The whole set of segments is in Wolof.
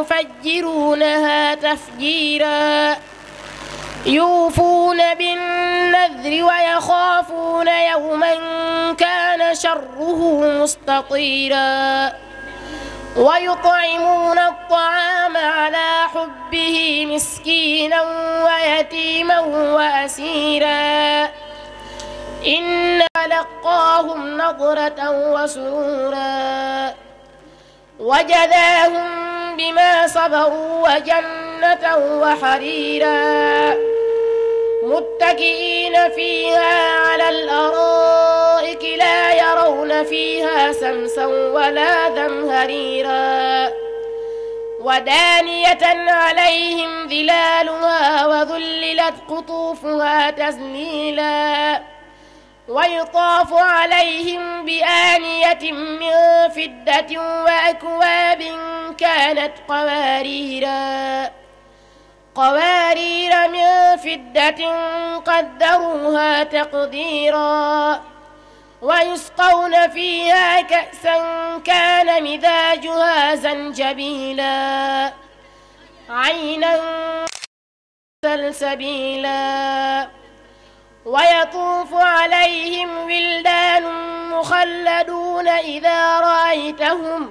يفجرونها تفجيرا يوفون بالنذر ويخافون يوما كان شره مستطيرا ويطعمون الطعام على حبه مسكينا ويتيما وأسيرا إن لقاهم نظرة وسرورا وجذاهم بما صبروا وجنة وحريرا متكئين فيها على الأرائك لا يرون فيها سمسا ولا ذمهريرا ودانية عليهم ظلالها وذللت قطوفها تذليلا ويطاف عليهم بآنية من فدة وأكواب كانت قواريرا قوارير من فدة قدروها تقديرا ويسقون فيها كأسا كان مذاجها زنجبيلا عينا سلسبيلا ويطوف عليهم ولدان مخلدون إذا رأيتهم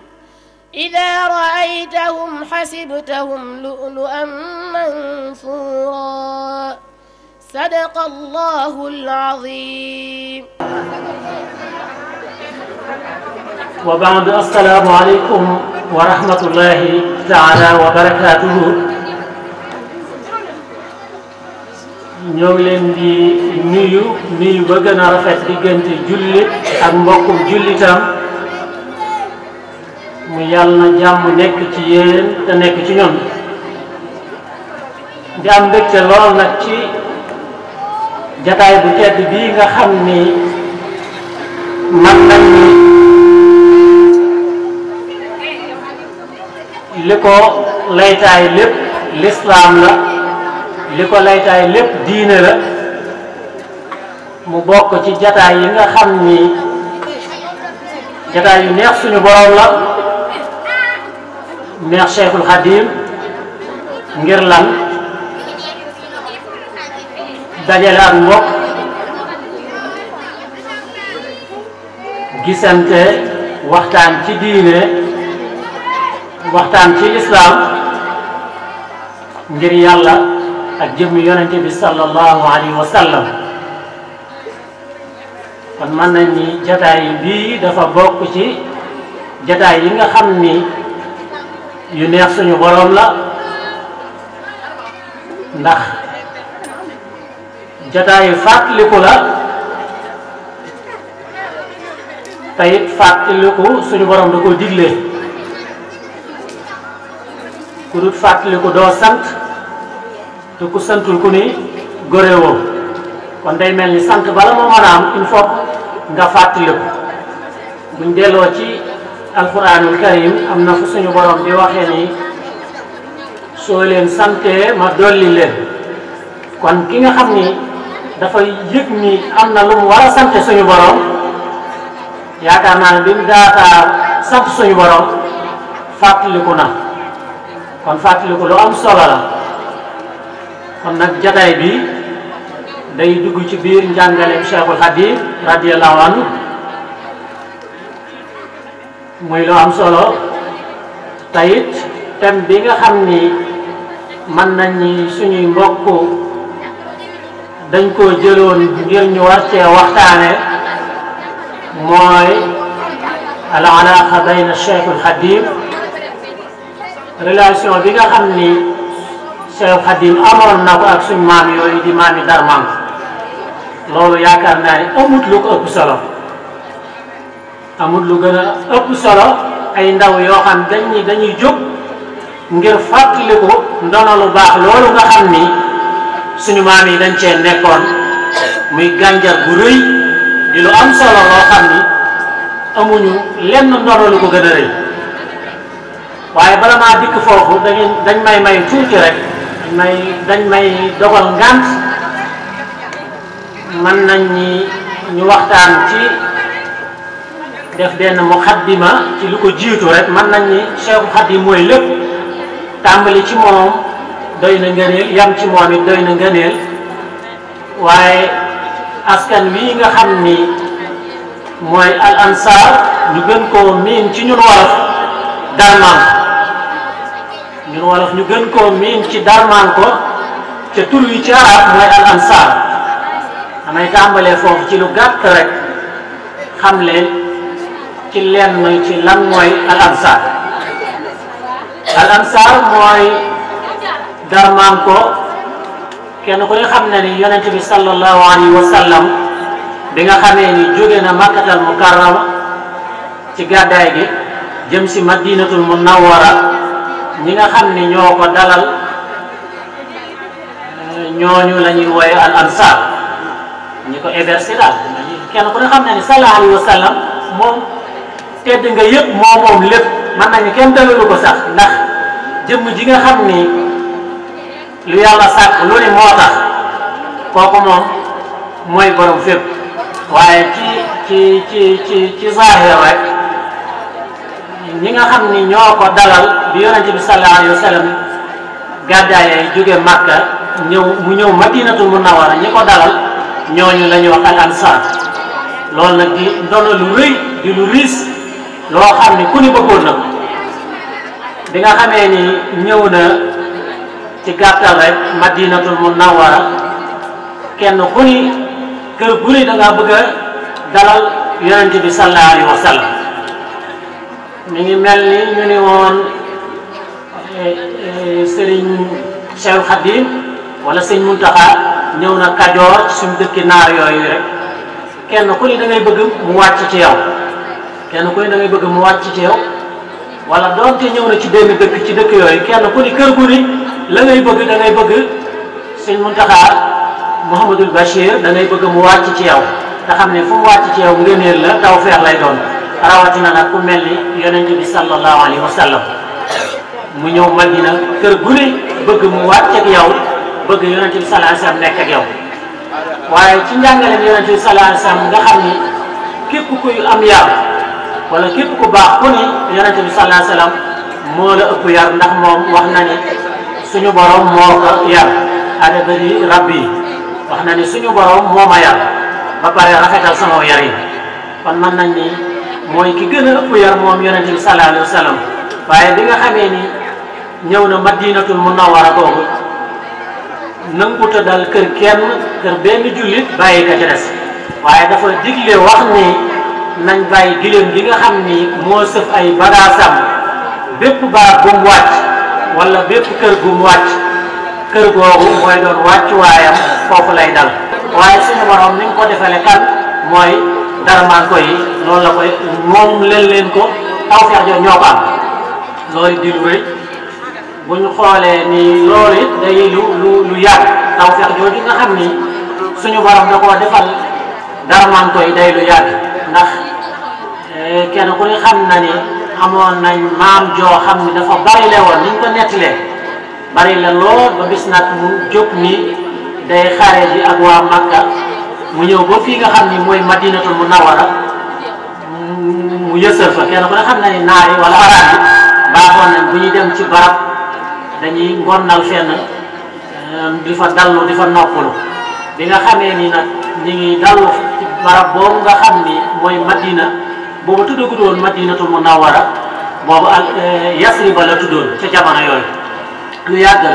إذا رأيتهم حسبتهم لؤلؤا منثورا صدق الله العظيم وبعد السلام عليكم ورحمة الله تعالى وبركاته ñoo leen di nuyu nuyu ba gën a rafet diggante jullit ak mbokkum jullitam mu yàlla jàmm nekk ci yéen te nekk ci ñoom di am mbégte lool nag ci jataay bu tedd bii nga xam ni man nag ni li ko laytaay lépp lislaam la li ko laytaay lépp diine la mu bokk ci jataay yi nga xam ni jataay yu neex suñu borom la neex Cheikhul Khadim ngir lan dajale ak mbokk gisante waxtaan ci diine waxtaan ci islaam ngir yàlla ak jëmmi yonente bi sallallahu alayhi wa sallam kon mën nañ jataay bii dafa bokk ci jataay yi nga xam ni yu neex suñu boroom la ndax jataayu fàttaliku la teyit fàttaliku suñu boroom da ko digle ku dul fàttaliku doo sant te ku ni gore kon day mel ni sant bala moo mën a ci alquranul karim am na fu suñu borom di waxee ni soo leen santee ma dolli leen kon ki nga xam ni dafa yëg ni am na lu mu war a sante suñu borom yaakaar naa ne bi mu daataa sant suñu borom fàttaliku na kon fàttaliku lu am solo kon nag jataay bi day dugg ci biir njàngaleem Cheikhul Khadim radiyallahu anhu muy loo am solo tayit thème bi nga xam ni mën nañ suñuy mbokk dañ koo jëloon ngir ñu war cee waxtaane mooy al alaaqa bayna Cheikhul Khadim relation bi nga xam ni Seex Xadim amoon na ak suñ maam yooyu di maami darman loolu yaakaar naa ne amut lu ëpp solo amut lu gën a ëpp solo ay ndaw yoo xam dañuy dañuy jóg ngir ko ndono lu baax loolu nga xam ni suñu maam yi dañ cee nekkoon muy gànjar bu rëy di lu am solo loo xam ni amuñu lenn ndono lu ko gën a rëy waaye bala maa dikk foofu dañ may may tuuti rek may dañ may dogal ngant mën nañ ñi ñu waxtaan ci def benn muqaddima ci lu ko jiitu rek mën nañ ni Seexu Xaadim mooy lépp tàmbali ci moom doy na ngëneel yam ci moom it doy na ngëneel waaye askan wi nga xam ni mooy al ansar ñu gën koo miin ci ñun wolof darman ñun wolof ñu gën koo miin ci darmaan ko ca tur wi ci arab mooy al ansaar damay tàmbalee foofu ci lu gàtt rek xam leen ci lenn ci lan mooy al ansaar mooy darmaan ko kenn ku ne xam na ni yonent bi sallallahu alayhi wa sallam bi nga xamee ni jóge na makkatal mukarrama ci gàddaay gi jëm si mu munawwara ñi nga xam ni ñoo ko dalal ñooñu la ñuy wooye al ansar ñi ko héberger daal kenn ku ne xam ne ni sallallahu alayhi wa moom tedd nga yëpp moo moom lépp mën nañu kenn dalalu ko sax ndax jëmm ji nga xam ni lu yàlla sàkk lu ne moo tax kooku moom mooy borom fépp waaye ci ci ci ci ci zahir rek ñi nga xam ni ñoo ko dalal bi yonente bi sallallahu alayhi wa sallam gàddaayay jóge màkka ñëw mu ñëw madinatul munawara ñi ko dalal ñooñu la ñuy wax al ansar loolu nag di ndono lu rëy di lu riis loo xam ni ku ni bëggoon na ko bi nga xamee ni ñëw na ci gàttal rek madinatul munawara kenn ku ni kër gu ni da ngaa bëgg dalal yonente bi sallallahu alayhi mi ngi mel ni ñu ni woon eh, eh, sëriñ Cheikh Khadim wala sëñ Muntaxa ñëw na Kajoor suñ suñu dëkki naar yooyu rek kenn ku ne dangay ngay bëgg mu wàcc ci yow kenn ku ne bëgg mu wàcc ci yow wala doonte ñëw na ci benn dëkk ci dëkk yooyu kenn ku ne kër gu ni la ngay bëgg da ngay bëgg sëñ Muntaxa Mouhamadul Bachir da ngay bëgg mu wàcc ci yow te xam ne fu mu wàcc ci yow ngëneel la taw feex lay doon rawatina nag ku mel ni yonent bi sallallahu alayhi wa mu ñëw Madina kër gu ne bëgg mu wàcc ak yow bëgg yonent bi sallallahu alayhi wa nekk ak yow waaye ci njàngaleem yonent bi sallallahu nga xam ni képp kuy am yar wala képp ku baax ku ne yonent bi sallallahu alayhi moo la ëpp yar ndax moom wax na ni suñu borom moo ko yar adabani rabbi wax na ni suñu borom moo ma yar ba pare rafetal sama yar yi kon mën nañ ni mooy ki gën a ëpp yar moom yonente bi sallallahu waaye bi nga xamee ni ñëw na madinatul munawwara boobu nanguta dal kër kenn kër benn jullit bàyyi ka ca waaye dafa digle wax ni nañ bàyyi giléem gi nga xam ni moo sëf ay bagaasam bépp baar bu mu wàcc wala bépp kër gu mu wàcc kër googu mooy doon wàccuwaayam foofu lay dal waaye suñu borom ni nga ko defale kan mooy dara maa koy noonu la koy moom leen leen ko taw feex ñoo ko am loolu di lu bu ñu xoolee ni loolu day lu lu lu yàgg taw feex joo nga xam ni suñu borom da koo defal dara maa koy day lu yàgg ndax eh, kenn ku ne xam na ni amoon nañ maam joo xam ni dafa bari le woon niñ ko nettalee bari la lool ba bis nag mu jóg ni day xare ji ak waa Makka mu ñëw ba fii nga xam ni mooy madinatul munawwara mu yësal fa kenn ku ne xam na naar yi wala arab yi baaxoon nañ bu ñuy dem ci barab dañuy ngonnal fenn euh, di fa dallu di fa noppalu bi nga xamee ni nag ñi ngi dallu ci barab boobu nga xam ni mooy madina boobu tuddagut woon madinatul munawwara boobu ak euh, yasriba la tuddoon ca jamono yooyu lu yàgg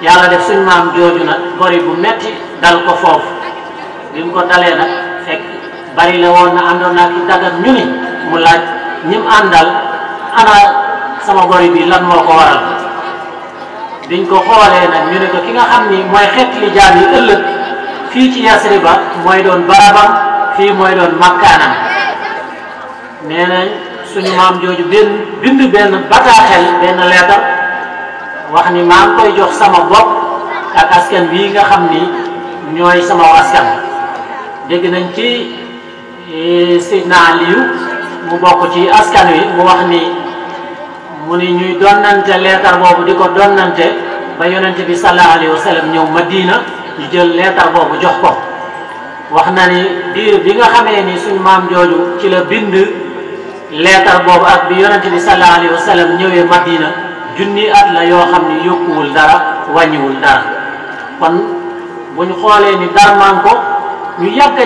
yàlla def suñ maam jooju nag bori bu metti dal ko foofu bi ko dalee nag bari la woon na àndoon naa ki dagat ñu ni mu laaj ñim àndal ana sama gori bii lan moo ko waral biñ ko xoolee ñu ne ko ki nga xam ni mooy xeet li jaam ëllëg fii ci Yasriba mooy doon barabam fii mooy doon makkaanam nee suñu maam jooju benn benn bataaxel benn leetar wax ni maa ngi koy jox sama bopp ak askan bii nga xam ni ñooy sama askan dégg nañ ci e, naa Aliyu mu bokk ci askan wi mu wax ni mu ni ñuy donnante leetar boobu di ko donnante ba yonent bi sallallahu alayhi wa sallam ñëw Madina ñu jël leetar boobu jox ko wax na ni biir bi nga xamee ni suñ maam jooju ci la bind leetar boobu ak bi yonent bi sallallahu alayhi wa sallam ñëwee Madina junni at la yoo xam ni yokkuwul dara wàññiwul dara kon buñ xoolee ni darmaan ko ñu yàgg a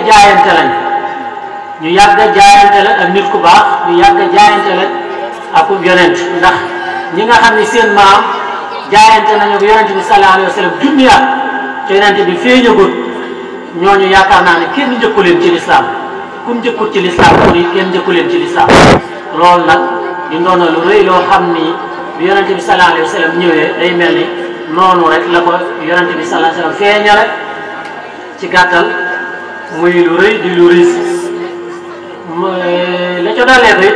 ñu yàgg a jaayante lañ ak nit ku baax ñu yàgg a jaayante lañ ndax ñi nga xam ne seen maam jaayante nañu ak yonent bi sallallahu alayhi wa sallam junniyaat te bi feeñagut ñooñu yaakaar naa ne kenn njëkku leen ci lislaam ku njëkkut ci lislaam ku ni kenn njëkku leen ci lislaam lool nag di ndono lu rëy loo xam ni bi yonent bi sallallahu alayhi wa sallam ñëwee day mel ni noonu rek la ko yonent bi sallallahu alayhi wa ci gàttal muy lu rëy di lu la ca doolee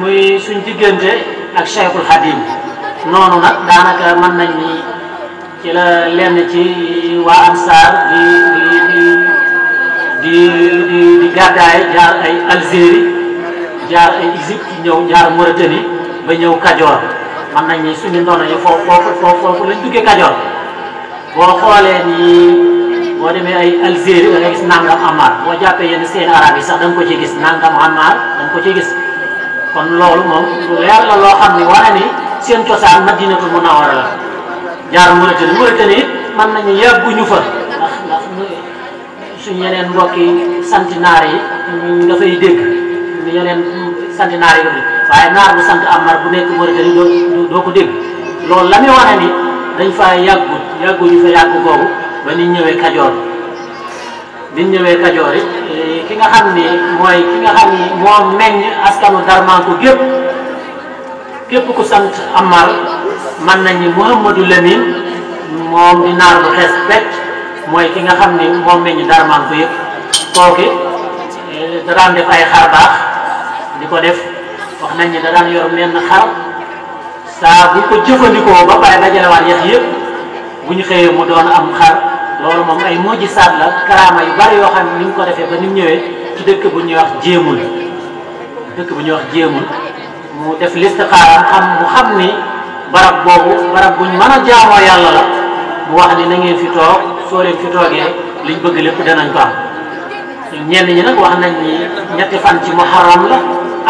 muy suñ diggante ak Cheikhul Khadim noonu nag daanaka mën nañ ni ci la lenn ci waa Ansaar di di di di di gàddaay jaar ay Algérie jaar ay Égypte ñëw jaar Mauritanie ba ñëw Kajoor mën nañ ni suñu ndono foofu foofu lañ duggee Kajoor boo xoolee boo demee ay Algérie da nga gis nangam amaar boo jàppee yenn seen arab yi sax da nga ko ci gis nangam amaar da nga ko ci gis kon loolu moom lu leer la loo xam ne wane ni seen cosaan Madinatul Munawwara la jaar Mauritanie Mauritanie it mën nañu yàgguñu fa ndax ndax suñ yeneen mbokki santinaar yi nga fay dégg ñu yeneen santinaar yi loolu waaye naar bu sant Amar bu nekk Mauritanie doo doo ko dégg loolu la muy wane ni dañ fa yàggu yàgguñu fa yàggu boobu ba ni ñëwee kajoor bi ñëwee kajoor it eh, ki nga xam ni mooy ki nga xam ni moo meññ askanu darmanko gépp képp ku sant Amar man nañu Mouhamadou Lamine moom di naar bu xees pecc mooy ki nga xam ni moom meññ darmanko yëpp kooki eh, da daan def xar baax di ko def wax nañ ni da daan yor menn xar saa bu ko jëfandikoo ba pare dajalewaat yax yëpp bu ñu xëyee mu doon am xar loolu moom ay moo ji saat la karaama yu bari yoo xam ne ni ñu ko defee ba ni mu ñëwee ci dëkk bu ñuy wax jéemul dëkk bu ñuy wax jéemul mu def listixaara xam mu xam ni barab boobu barab buñ mën a jaamoo yàlla la mu wax ni na ngeen fi toog soo leen fi toogee liñ bëgg lépp danañ ko am ñenn ñi nag wax nañ ni ñetti fan ci muharram la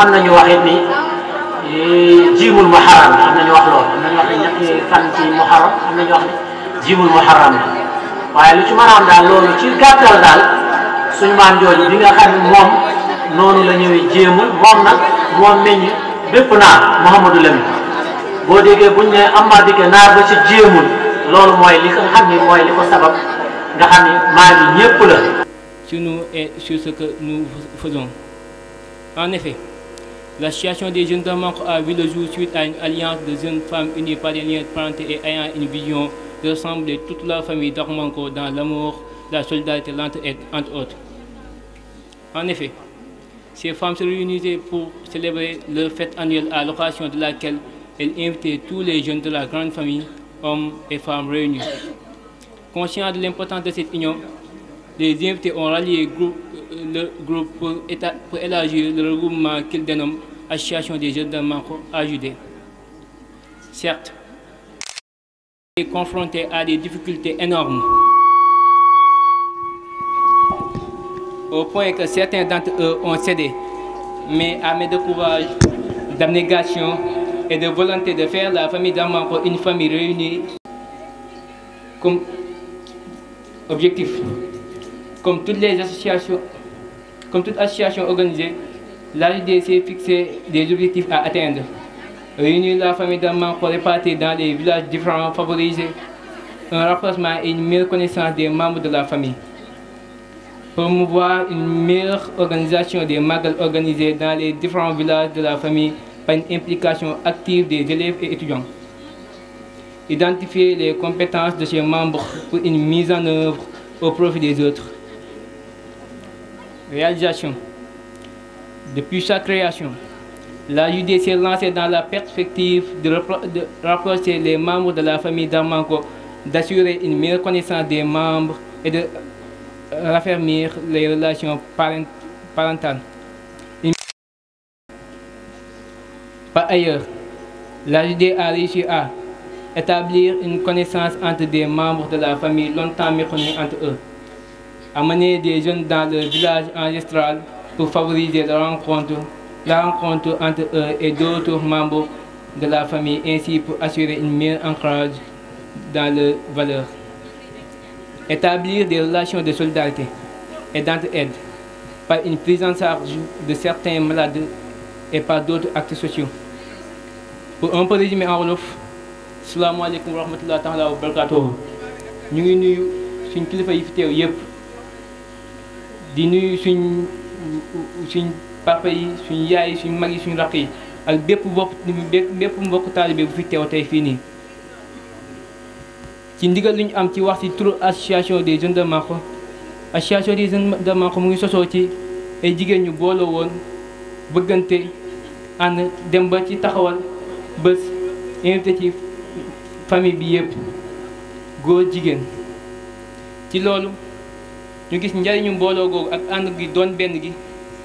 am nañu eh, wax ni jiimul muharram am la waaye lu ci mën dal am ci gàttal daal suñu maam jooju bi nga xam mom nonu la ñëwé jéemu moom nak moom meñ bépp naar Mouhamadou Lamine bo déggee buñ né amma maa dikkee naar ba ci jéemul lolu moy li nga xam ni mooy li sabab nga xam ni maam yi ñépp la sur nous et sur ce que nous faisons en effet la situation des jeunes de Manco a vu le jour suite à une alliance de jeunes femmes unies par des liens de parenté et ayant une vision rassembler toute la famille d'Armanco dans l'amour, la solidarité, l'entraide, entre autres. En effet, ces femmes se réunissaient pour célébrer leur fête annuelle à l'occasion de laquelle elles invitaient tous les jeunes de la grande famille, hommes et femmes réunis. Conscients de l'importance de cette union, les invités ont rallié euh, le groupe pour, pour élargir le regroupement qu'ils dénomment Association des jeunes d'Armanco à Judée. Certes, confrontés à des difficultés énormes. Au point que certains d'entre eux ont cédé. Mais à mes de courage, d'abnégation et de volonté de faire la famille pour une famille réunie comme objectif. Comme toutes les associations, comme toute association organisée, la des objectifs à atteindre. Réunir la famille membre pour répartir dans les villages différents favorisés un rapprochement et une meilleure connaissance des membres de la famille. Promouvoir une meilleure organisation des magasins organisés dans les différents villages de la famille par une implication active des élèves et étudiants. Identifier les compétences de ses membres pour une mise en œuvre au profit des autres. Réalisation. Depuis sa création, la s'est lancée dans la perspective de, rapprocher les membres de la famille d'Armanco, d'assurer une meilleure connaissance des membres et de raffermir les relations parentales. Par ailleurs, la JD a réussi à établir une connaissance entre des membres de la famille longtemps méconnus entre eux, amener des jeunes dans le village ancestral pour favoriser la rencontre la rencontre entre eux et d'autres membres de la famille ainsi pour assurer une meilleure ancrage dans leurs valeurs. Établir des relations de solidarité et d'entraide par une prise de certains malades et par d'autres actes sociaux. Pour un peu résumer en wolof, alaikum wa rahmatullahi wa barakatuh ñu ngi nuyu suñ kilifa yi fi teew yëpp di nuyu suñ suñ papa yi suñu yaay yi suñu mag yi suñu rakk yi ak bépp mbokk bépp mbokk taalibe bu fi teew tey fii nii ci ndigal li ñu am ci wax ci turu association des jeunes de association des jeunes de mu ngi sosoo ci ay jigéen ñu booloo woon bëggante ànd dem ba ci taxawal bés invité ci famille bi yëpp góor jigéen ci loolu ñu gis njariñu mbooloo googu ak ànd gi doon benn gi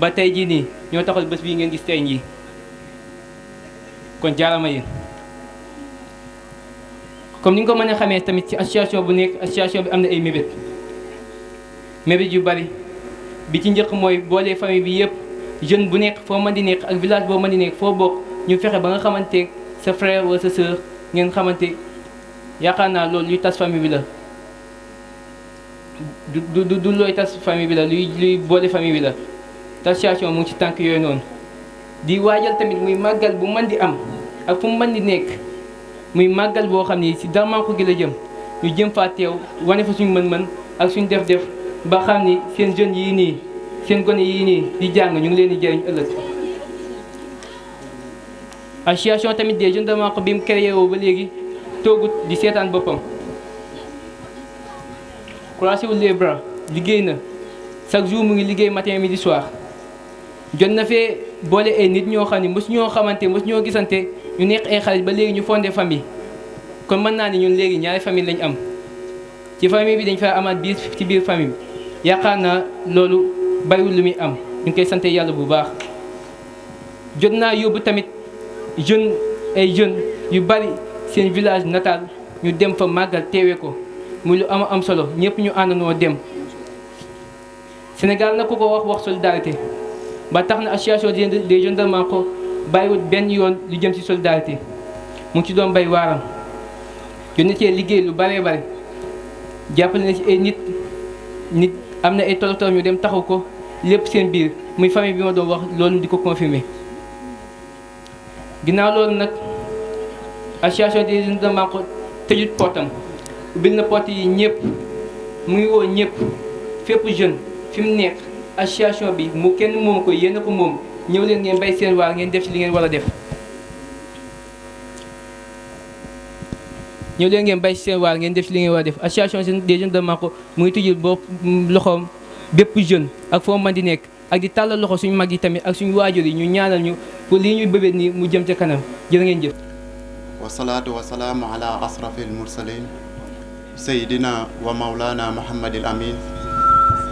ba tey jii nii ñoo taxal bés bii ngeen gis tey jii kon jaarama yi comme ni nga ko mën a xamee tamit ci association bu nekk association bi am na ay mébét mébét yu bari bi ci njëkk mooy boole famille bi yëpp jeune bu nekk foo mën di nekk ak village boo mën di nekk foo bokk ñu fexe ba nga xamante sa frère wala sa sœur ngeen xamante yaakaar naa loolu luy tas famille bi la du du du looy tas famille bi la luy luy boole famille bi la association mu ci tànk yooyu noonu di waajal tamit muy màggal bu mën di am ak fu mu di nekk muy màggal boo xam ni si Darmanko gi la jëm ñu jëm faa teew wane fa suñu mën-mën ak suñu def-def ba xam ni seen jeunes yii nii seen gone yii nii di jàng ñu ngi leen di jëriñ ëllëg. association tamit des jeunes Darmanko bi mu créé woo ba léegi toogut di seetaan boppam croisé wul les liggéey na chaque jour mu ngi liggéey matin di soir. jot na fee boole ay nit ñoo xam ne mos ñoo xamante mos ñoo gisante ñu nekk ay xarit ba léegi ñu fondé famille kon mën naa ne ñun léegi ñaari famille lañu am ci famille bi dañ fa amaat biir ci biir famille yaakaar naa loolu bariwul lu muy am ñu ngi koy sante yàlla bu baax jot naa yóbbu tamit jeune ay jeune yu bari seen village natal ñu dem fa màggal teewe ko muy lu am am solo ñëpp ñu àndandoo dem senegal na ku ko wax wax solidarité ba tax na association des jeunes de Manko bàyyiwut benn yoon lu jëm ci solidarité mu ci doon bay waaram yónnee ci liggéey lu bare bare jàppale na ci ay nit nit am na ay tolof-tolof ñu dem taxaw ko lépp seen biir muy famille bi ma doon wax loolu di ko confirmer ginnaaw loolu nag association des jeunes de Manko tëjut portam ubbil na porte yi ñëpp muy woo ñëpp fépp jeune fi mu nekk association bi mu kenn moom ko yéen ko moom ñëw leen ngeen bay seen waar ngeen def ci li ngeen war a def ñëw bay seen waar ngeen def ci li ngeen war def association des jeunes de Mako mu ngi tijjul bopp mm, loxoom bépp jeune ak foo man di nekk ak di tàllal loxo suñu mag yi tamit ak suñu waajur yi ñu ñaanal ñu pour lii ñuy bébét nii mu jëm ca kanam jël ngeen jëf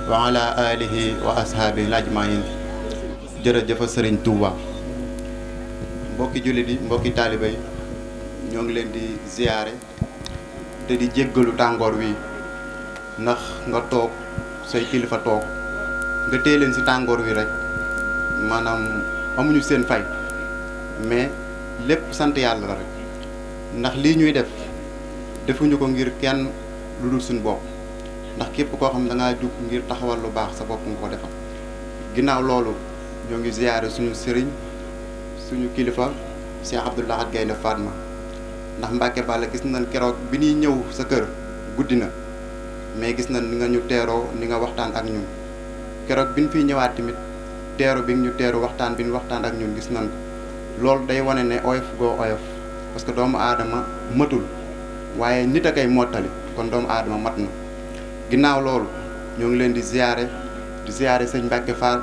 wa ala alihi wa ashaabi ajmain jërëjëfa sëriñ Touba mbokki jullit yi mbokki taaliba yi ñoo ngi leen di ziyaare te di jéggalu tàngoor wi ndax nga toog say kilifa toog nga téye leen ci tàngoor wi rek maanaam amuñu seen fay mais lépp sant yàlla la rek ndax lii ñuy def defuñu ko ngir kenn lu dul suñ bopp ndax képp koo xam ne da jug ngir taxawal lu baax sa bopp nga ko defal ginnaaw loolu ñoo ngi ziyaare suñu sëriñ suñu kilifa Cheikh Abdou Lahad Gaynde Fatma ndax Mbàkke Balla gis nañ keroog bi ñuy ñëw sa kër guddi na mais gis nañ ni nga ñu teeroo ni nga waxtaan ak ñun keroog bi ñu fiy ñëwaat tamit teeru bi ñu teeru waxtaan bi nu waxtaan ak ñun gis na ko loolu day wane ne oyof goo oyof parce que doomu aadama matul waaye nit a koy mottali kon doomu aadama mat na. ginnaaw loolu ñoo ngi leen di ziare di ziare sëñ Mbacke Fall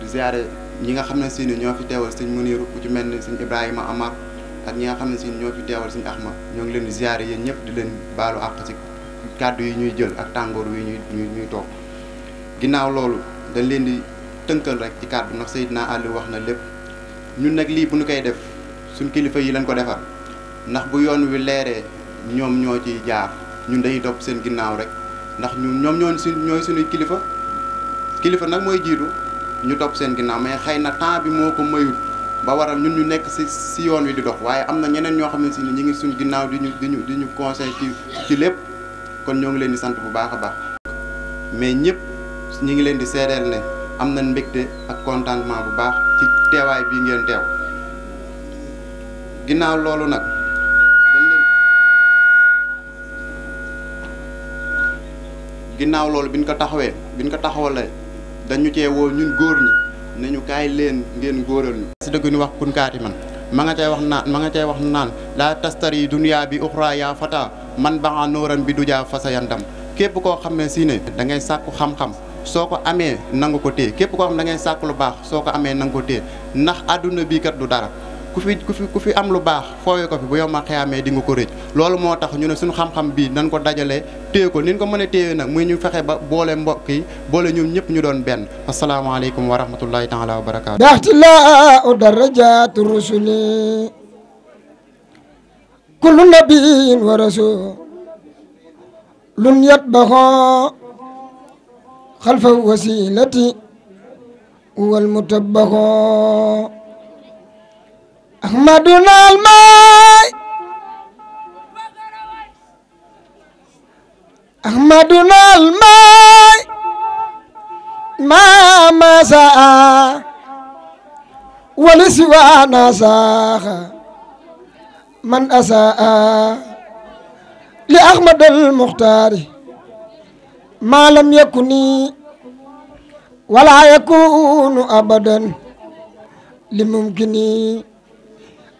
di ziare ñi nga xam ne si ni ñoo fi teewal sëñ Muniru ku ci mel ni sëñ Ibrahima Amar ak ñi nga xam ne si ñoo fi teewal sëñ Axma ñoo ngi leen di ziare yéen ñëpp di leen baalu àq ci kàddu yi ñuy jël ak tàngoor wi ñuy ñuy toog ginnaaw loolu dañ leen di tënkal rek ci kàddu ndax Seydina Aliou wax na lépp ñun nag lii bu ñu koy def suñ kilifa yi lañ ko defar ndax bu yoon wi leeree ñoom ñoo ciy jaar ñun dañuy topp seen ginnaaw rek. ndax ñun ñoom ñooñu suñ ñooy suñuy kilifa kilifa nag mooy jiitu ñu topp seen ginnaaw mais xëy na temps bi moo ko mayul ba waral ñun ñu nekk si si yoon wi di dox waaye am na ñeneen ñoo xam ne si ni ñu ngi suñ ginnaaw di ñu di ñu di ñu conseil ci ci lépp kon ñoo ngi leen di sant bu baax a baax mais ñëpp ñu ngi leen di seedeel ne am na mbégte ak contentement bu baax ci teewaay bii ngeen teew ginnaaw loolu nag. ginnaaw loolu bi ñu ko taxawee bi ñu ko taxawalee dañu cee woo ñun góor ñi nañu kaay leen ngeen góoral ñu. si dëgg ñu wax kunkaati man ma nga cay wax naan ma nga cay wax naan laa tastari dunya bi uxra yaa fata man baa nooran bi du jaa fasa yandam képp koo xam ne si ne da ngay sàkku xam-xam soo ko amee nangu ko té képp koo xam da ngay sàkku lu baax soo ko amee nangu ko téye ndax àdduna bii kat du dara. ku fi ku ku am lu baax foowee ko fi bu yow ma xeyaamee di nga ko rëcc loolu moo tax ñu ne suñu xam-xam bii nañ ko dajale téye ko niñ ko mën a téye nag muy ñu fexe ba boole mbokk yi boole ñoom ñëpp ñu doon benn asalaamaaleykum wa rahmatullahi taala wa rusuli kullu wa rasul lun wasilati wal أحمدنا الماء أحمدنا الماء ما مساء ولسوانا ساخ من أساء لأحمد المختار ما لم يكن ولا يكون أبدا لممكني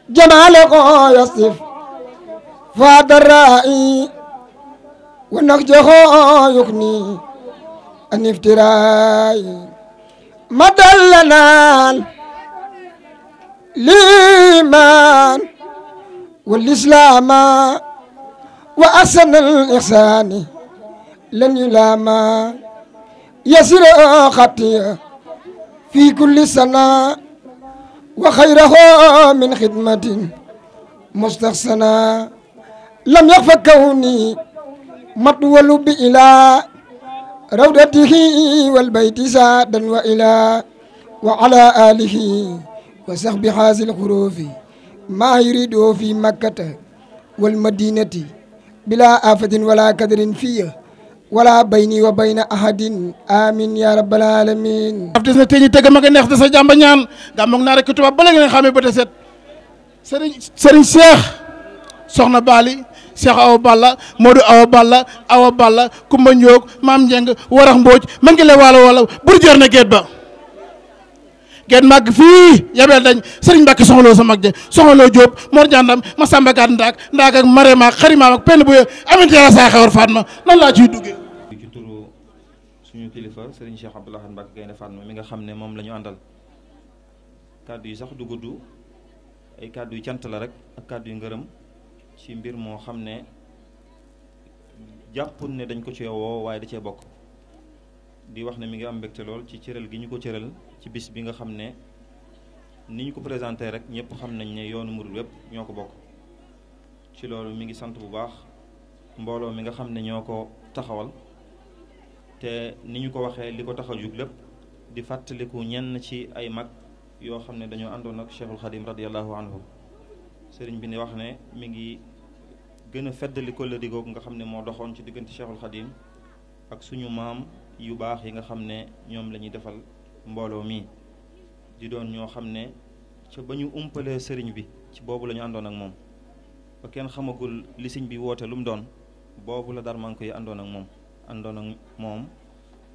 جماله يصف فاد الرائي ونقجه يغني أن افتراي مدلنا الإيمان والإسلام وأحسن الإحسان لن يلام يسير خطيئة في كل سنه وخيره من خدمة مستحسنا لم يخف كوني مطول بإلى روضته والبيت سادا وإلى وعلى آله وسخب هذه الخروف ما يريد في مكة والمدينة بلا آفة ولا كدر فيه wala bayni wa bayna ahadin amin ya rabbal alamin af des na teñu tëgg ma neex da sa jàmba ñaan gàmmoog na rek tuba ba léegi nga xamee ba te set serigne sëriñ Cheikh soxna Bali Cheikh awo Balla Modou awo Balla awo Balla Kumba ñok mam jeng Warax mboj ma ngi le waalo wala bur jor na geet ba geet mag fi yabel dañ serigne mbacke soxlo sa mag je soxlo job Mor jandam ma sàmbakaat ndaak ndak ak marema xarimaam ak pen bu amin ya yàlla saa Fatma nan la ci duggé kilifa sëriñ Cheikh Abdoul Ahad Mbacké Gaïndé Fatma mi nga xam ne moom la ñu àndal kàddu yi sax du gudd ay kàddu yu cant la rek ak kàddu yu ngërëm ci mbir moo xam ne jàppun ne dañ ko cee waaye da cee bokk di wax ne mi ngi am mbégte lool ci cëral gi ñu ko cëral ci bis bi nga xam ne ni ñu ko présenté rek ñëpp xam nañ ne yoonu murid wépp ñoo ko bokk ci loolu mi ngi sant bu baax mbooloo mi nga xam ne ñoo ko taxawal te ni ñu ko waxee li ko tax a lépp di fàttaliku ñenn ci ay mag yoo xam ne dañoo àndoon ak Cheikhul Khadim radiyallahu anhu sëriñ bi ni wax ne mi ngi gën a feddali kóllëre googu nga xam ne moo doxoon ci diggante Cheikhul Khadim ak suñu maam yu baax yi nga xam ne ñoom la ñuy defal mbooloo mi di doon ñoo xam ne ca ba ñu umpalee sëriñ bi ci boobu la àndoon ak moom ba kenn xamagul li sëriñ bi woote lu mu doon boobu la darmanko yi àndoon ak moom àndoon ak moom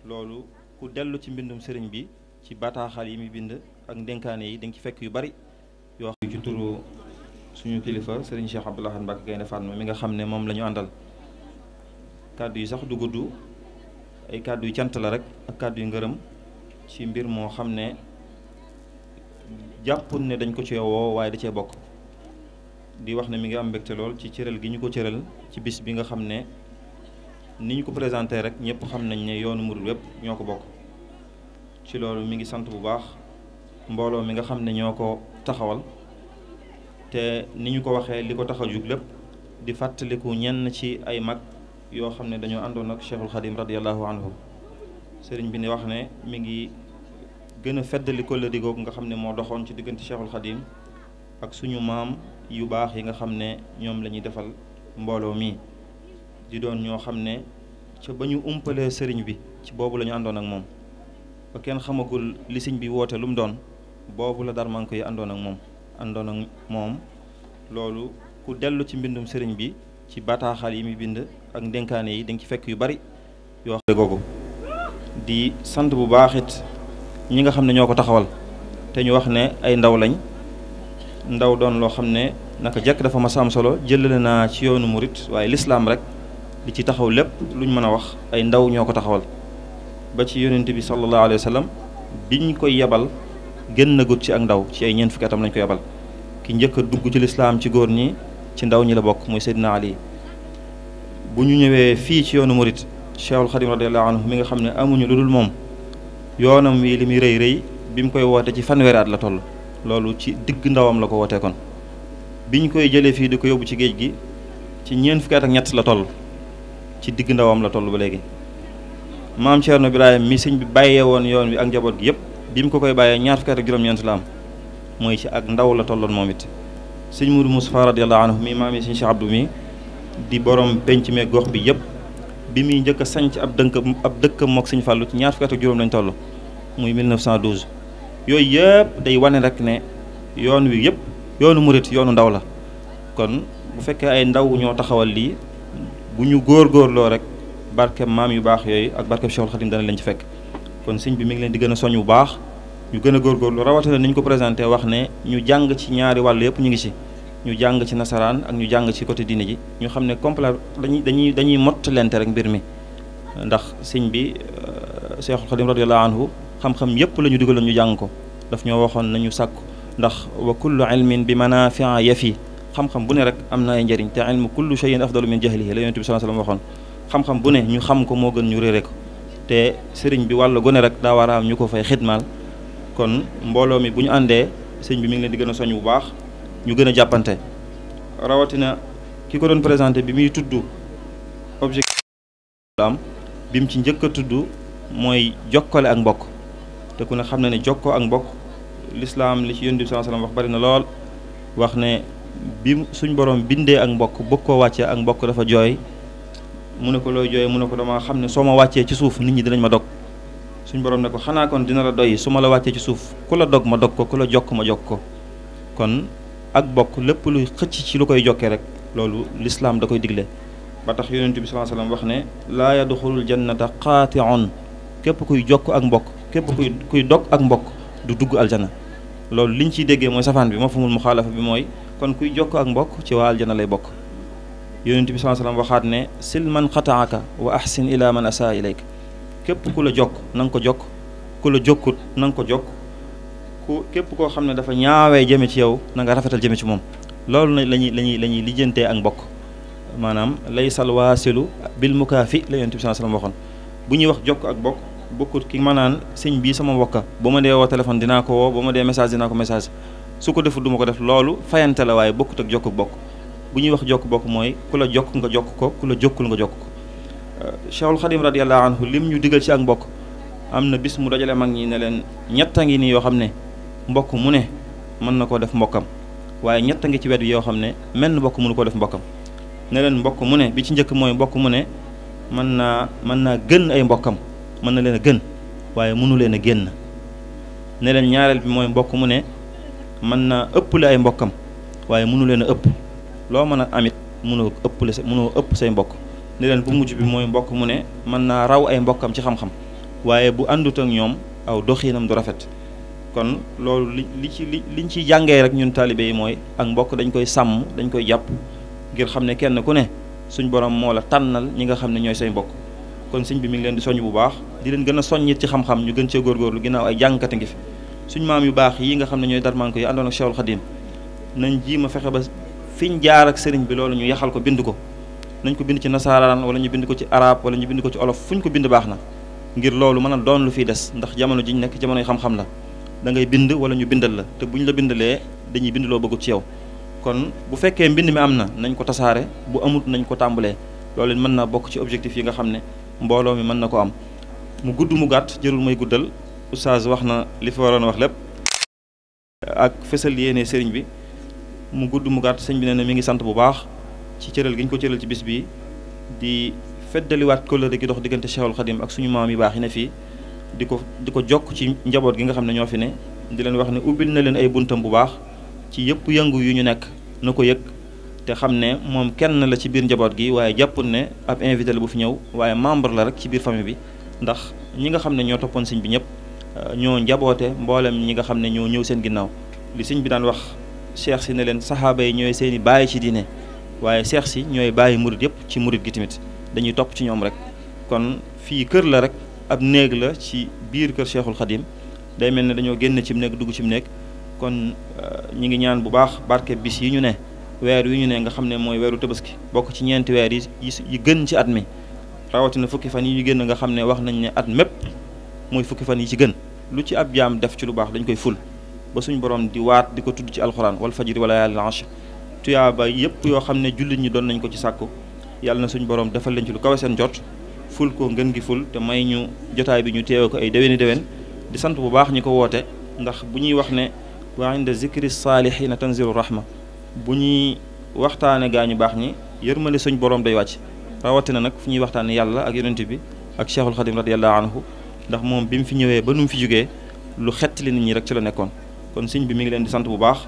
loolu ku dellu ci mbindum sëriñ bi ci bataaxal yi muy bind ak ndénkaane yi dañ ci fekk yu bari yoo xam ci turu sëriñ Cheikh Abdoul Ahad Mbacké Gaïndé nga xam ne moom la ñu àndal kàddu yi sax du gudd ay kàddu yu cant la rek ak kàddu yu ngërëm ci mbir moo xam ne jàppun ne dañ ko cee waaye da cee bokk di wax ne mi ngi am mbégte lool ci cëral gi ñu ko cëral ci bis bi nga xam ne ni ñu ko présenté rek ñëpp xam nañ ne yoonu murid wépp ñoo ko bokk ci loolu mi ngi sant bu baax mbooloo mi nga xam ne ñoo ko taxawal te ni ñu ko waxee li ko taxaw a jug lépp di fàttaliku ñenn ci ay mag yoo xam ne dañoo àndoon ak Cheikhul Khadim radiyallahu anhu sëriñ bi ni wax ne mi ngi gën a feddali kóllëre googu nga xam ne moo doxoon ci diggante Cheikhul Khadim ak suñu maam yu baax yi nga xam ne ñoom la ñuy defal mbooloo mii di doon ñoo xam ne ca ba ñu umpalee sëriñ bi ci boobu la àndoon ak moom ba kenn xamagul li sëñ bi woote lu mu doon boobu la darmanko yi àndoon ak moom àndoon ak moom loolu ku dellu ci mbindum sëriñ bi ci bataaxal yi muy bind ak ndénkaane yi danga ci fekk yu bari yoo xam ne googu di sant bu baaxit ñi nga xam ne ñoo ko taxawal te ñu wax ne ay ndaw lañ ndaw doon loo xam ne naka jekk dafa ma saam solo jëlale naa ci yoonu murit waaye lislaam rek li ci taxaw lépp luñ mën a wax ay ndaw ñoo ko taxawal ba ci yonent bi sallallahu alayhi wa bi ñu koy yebal gën na gut ci ak ndaw ci ay ñeent fukki atam ko yebal ki njëkk dugg ci lislaam ci góor nii ci ndaw ñi la bokk muy Seydina Ali bu ñu ñëwee fii ci yoonu murit Cheikhul Khadim radiyallahu anhu mi nga xam ne amuñu lu dul moom yoonam wi li muy rëy rëy bi mu koy woote ci fanweeri la toll loolu ci digg ndawam la ko wootee kon biñ koy jëlee fii di ko yóbbu ci géej gi ci ñeent ñett la toll ci digg ndawam la tollu ba léegi maam Thierno Ibrahima mi sëñ bi bàyyee woon yoon wi ak njaboot gi yëpp bi mu ko koy bàyyee ñaar fukki at ak juróom-ñeent mooy ci ak ndaw la tolloon moom it sëñ Mourou Moustapha radiyallahu anhu mi maam yi sëñ Cheikh Abdou mi di borom penc me gox bi yëpp bi muy njëkk a sanc ab dënk ab dëkk mook sëñ Fallou ci ñaar fukki at lañ toll muy 1912 yooyu yëpp day wane rek ne yoon wi yëpp yoonu murit yoonu ndaw la kon bu fekkee ay ndaw ñoo taxawal lii bu ñu góor góorgóorloo rek barke maam yu baax yooyu ak barke Cheikhul Khadim dana leen ci fekk kon sëñ bi mi ngi leen di gën a soñ bu baax ñu gën a góorgóorlu rawatina ni ñu ko présenté wax ne ñu jàng ci ñaari wàll yëpp ñu ngi ci ñu jàng ci nasaraan ak ñu jàng ci côté diine ji ñu xam ne complet dañuy dañuy dañuy mottalente rek mbir mi ndax sëñ bi euh, Cheikhul Khadim radiyallahu anhu xam-xam yëpp lañu ñu digaloon ñu jàng ko daf ñoo waxoon nañu sàkku ndax wa kullu ilmin bi manafia yafi xam-xam bu ne rek am na ay njëriñ te ilmu kullu shay'in afdalu min jahlihi la yonent bi sallallahu alayhi wasallam waxoon xam-xam bu ne ñu xam ko moo gën ñu réere ko te sëriñ bi wàllu gone rek daa war a am ñu ko fay xidmaal kon mbooloo mi bu ñu àndee sëriñ bi mi ngi leen di gën a soññ bu baax ñu gën a jàppante rawatina ki ko doon présenté bi muy tudd objectif am bi mu ci njëkk a tudd mooy jokkale ak mbokk te ku ne xam na ne jokkoo ak mbokk lislaam li ci yonent bi sallallahu alayhi wax bari na lool wax ne bi suñ borom bindee ak mbokk bëgg koo wàccee ak mbokk dafa jooy mu ne ko looy jooy mu ne ko dama xam ne soo ma wàccee ci suuf nit ñi dinañ ma dog suñ borom ne ko xanaa kon dina la doy su ma la wàccee ci suuf ku la dog ma dog ko ku la jokk ma jokk ko kon ak mbokk lépp luy xëcc ci lu koy jokkee rek loolu lislaam da koy digle ba tax yonent bi sallallahu alayhi wasallam wax ne laa yadxulul jannata qaati'un képp kuy jokk ak mbokk képp kuy kuy dog ak mbokk du dugg aljana loolu liñ ciy déggee mooy safaan bi mafhumul muxaalafa bi mooy kon kuy jokk ak mbokk ci waa aljana lay bokk yonent bi sallallahu alayhi wasallam waxaat ne sil man xataaka wa ahsin ila man asaa ilayk képp ku la jokk na nga ko jokk ku la jokkut na nga ko jokk ku képp koo xam ne dafa ñaawee jëme ci yow na nga rafetal jëme ci moom loolu na lañuy lañuy la ñuy lijjantee ak mbokk maanaam lay sal waasilu bil mukaafi la yonent bi sallallahu alayhi wasallam waxoon bu ñuy wax jokk ak mbokk bokkut ki ma naan sëñ bii sama mbokka bu ma dee woo téléphone dinaa ko woo bu ma dee message dinaa ko message su ko deful duma ko def loolu fayante la waaye bokkut ak jokk bokk bu ñuy wax jokk bokk mooy ku la jokk nga jokk ko ku la jokkul nga jokk ko euh, Cheikhul Xadim radiyallahu anhu lim ñu digal ci ak mbokk am na bis mu dajalee mag ñi ne leen ñett a ngi nii yoo xam ne mbokk mu ne mën na koo def mbokkam waaye ñett ngi ci wet yoo xam ne menn mbokk mënu koo def mbokkam ne leen mbokk mu ne bi ci njëkk mooy mbokk mu ne mën naa mën naa gën ay mbokkam mën na leen a gën waaye mënu leen a génn ne leen ñaareel bi mooy mbokk mu ne mën ëpp ëppale ay mbokkam waaye mënu leen a ëpp loo mën a amit mënoo ëppale sa mënoo ëpp say mbokk ne leen bu mujj bi mooy mbokk mu ne mën naa raw ay mbokkam ci xam-xam waaye bu àndut ak ñoom aw doxiinam du rafet kon loolu li li ci li li liñ ciy jàngee rek ñun taalibe yi mooy ak mbokk dañ koy sàmm dañ koy jàpp ngir xam ne kenn ku ne suñ borom moo la tànnal ñi nga xam ne ñooy say mbokk kon sëñ bi mu ngi leen di soññ bu baax di leen gën a soññit ci xam ñu gën cee góorgóorlu ginnaaw ay jàngkate ngi fi suñ maam yu baax yi nga xam ne ñooy darmanko yi àndoon ak Cheikhul Khadim nañ jii ma fexe ba fiñ jaar ak sëriñ bi loolu ñu yaxal ko bind ko nañ ko bind ci nasaaraan wala ñu bind ko ci arab wala ñu bind ko ci olof fuñ ko bind baax na ngir loolu mën a doon lu fiy des ndax jamono ñu nekk jamonoy xam-xam la da ngay bind wala ñu bindal la te bu ñu la bindalee dañuy bind loo bëggut ci yow kon bu fekkee mbind mi am na nañ ko tasaare bu amut nañ ko tàmbalee loolu mën naa bokk ci objectif yi nga xam ne mbooloo mi mën na ko am mu gudd mu gàtt jërul may guddal oustaz wax na li fi waroon wax lépp ak fesal yéene sëriñ bi mu gudd mu gàtt sëñ bi nee na mi ngi sant bu baax ci cëral gi ñu ko cëral ci bis bi di feddaliwaat kóllëre gi dox diggante Cheikhul Khadim ak suñu maam yi baax yi ne fii di ko di ko jokk ci njaboot gi nga xam ne ñoo fi ne di leen wax ne ubbil na leen ay buntam bu baax ci yëpp yëngu yu ñu nekk na ko yëg te xam ne moom kenn la ci biir njaboot gi waaye jàppul ne ab invité la bu fi ñëw waaye membre la rek ci biir famille bi ndax ñi nga xam ne ñoo toppoon sëñ bi ñëpp ñoo njaboote mboolem ñi nga xam ne ñoo ñëw seen ginnaaw li sëñ bi daan wax cheikh si ne leen saxaaba yi ñooy seen i bàyyi ci diine waaye cheikh si ñooy bàyyi murit yëpp ci murit gi dañuy topp ci ñoom rek kon fii kër la rek ab néeg la ci biir kër cheikhul xadim day mel ne dañoo génn ci mu nekk dugg ci mu nekk kon euh, ñu ngi ñaan bu baax barke bis yi ñu ne weer yi ñu ne nga xam ne mooy weeru tabaski bokk ci ñeenti weer yi yi gën ci at mi rawatina fukki fan yi ñu génn nga xam ne wax nañ ne at mépp moy fukki fan yi ci gën lu ci ab jam def ci lu bax dañ koy ful ba suñu borom di waat diko ko tudd ci alquran wal fajr wala yàlla lanche ba yëpp yoo xam ne jullit ñi doon nañ ko ci sàkku yàlla na suñu borom defal leen ci lu kawe seen jot ful ko ngën gi ful te may ñu jotaay bi ñu teewe ko ay déwéni déwén di sant bu baax ñi ko woote ndax bu ñuy wax ne wa inda zikri saalihiina tanzilu rahma bu ñuy waxtaane gaa ñu baax ñi yërmale suñu borom day wàcc rawatina nag fu ñuy waxtaane yàlla ak yonente bi ak cheikhul xadim radiallahu anhu ndax moom bi mu fi ñëwee ba nu mu fi jógee lu xettali nit ñi rek ci la nekkoon kon sëñ bi mi ngi leen di sant bu baax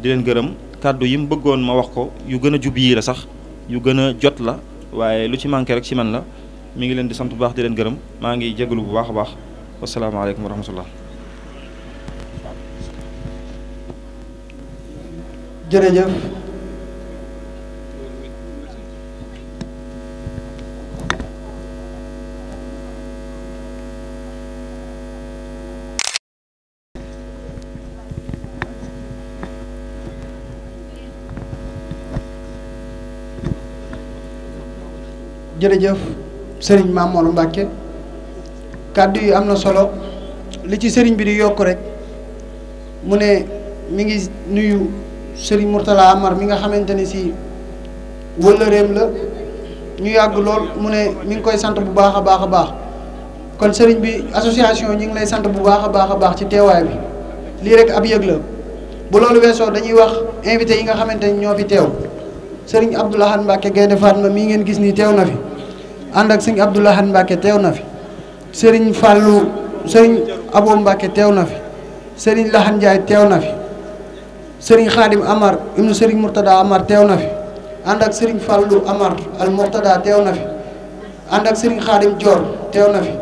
di leen gërëm kàddu yi mu bëggoon ma wax ko yu gën a jub yii la sax yu gën a jot la waaye lu ci manqué rek ci man la mu ngi leen di sant bu baax di leen gërëm maa ngi jégalu bu baax a baax wasalaamaaleykum wa rahmatullah jërëjëf jërëjëf sëriñ Mamour Mbacke kàddu yi am na solo li ci sëriñ bi di yokk rek mu ne mi ngi nuyu sëriñ Mourtala Amar mi nga xamante ni si wëllëreem la ñu yàgg lool mu ne mi ngi koy sant bu baax a baax a baax kon sëriñ bi association ñu ngi lay sant bu baax a baax a baax ci teewaay bi lii rek ab yëg la bu loolu weesoo dañuy wax invité yi nga xamante ni ñoo fi teew sëriñ Abdoul Ahad Mbacke Gaynde Fatma mii ngeen gis ni teew na fi. ànd ak sëñ Abdou Lahad Mbacke teew na fi sëriñ Fallou sëriñ Abou Mbacke teew na fi sëriñ Lahad Ndiaye teew na fi sëriñ Khadim Amar ibnu sëriñ Mourtada Amar teew na fi ànd ak sëriñ Fallou Amar al Mourtada teew na fi ànd ak sëriñ Khadim Dior teew na fi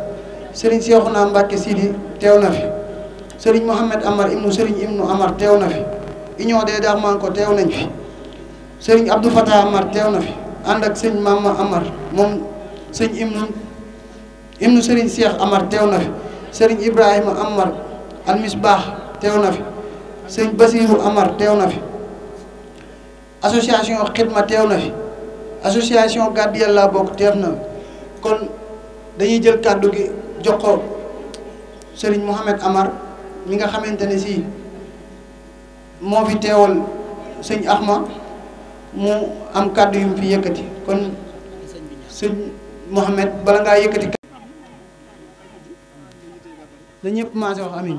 sëriñ Cheikhouna Mbacke Sidi teew na fi sëriñ Mouhamed Amar ibnu sëriñ ibnu Amar teew na fi union des dax man ko teew nañ fi sëriñ Abdou Fatah Amar teew na fi ànd ak sëriñ Mama Amar moom sëñ ibnu ibnu sëriñ Cheikh Amar teew na fi sëriñ Ibrahima Amar almisbaax teew na fi sëñ Basiiru Amar teew na fi association xidma teew na fi association gàddi yàlla bokk teew na kon dañuy jël kàddu gi jox sëriñ Mouhamed Amar mi nga xamante ne sii moo fi teewal sëñ Axma mu am kàddu yu mu fi yëkkati kon sëñ. Mouhamed bala ngaa yëkkati dañu ñëpp commencé wax amin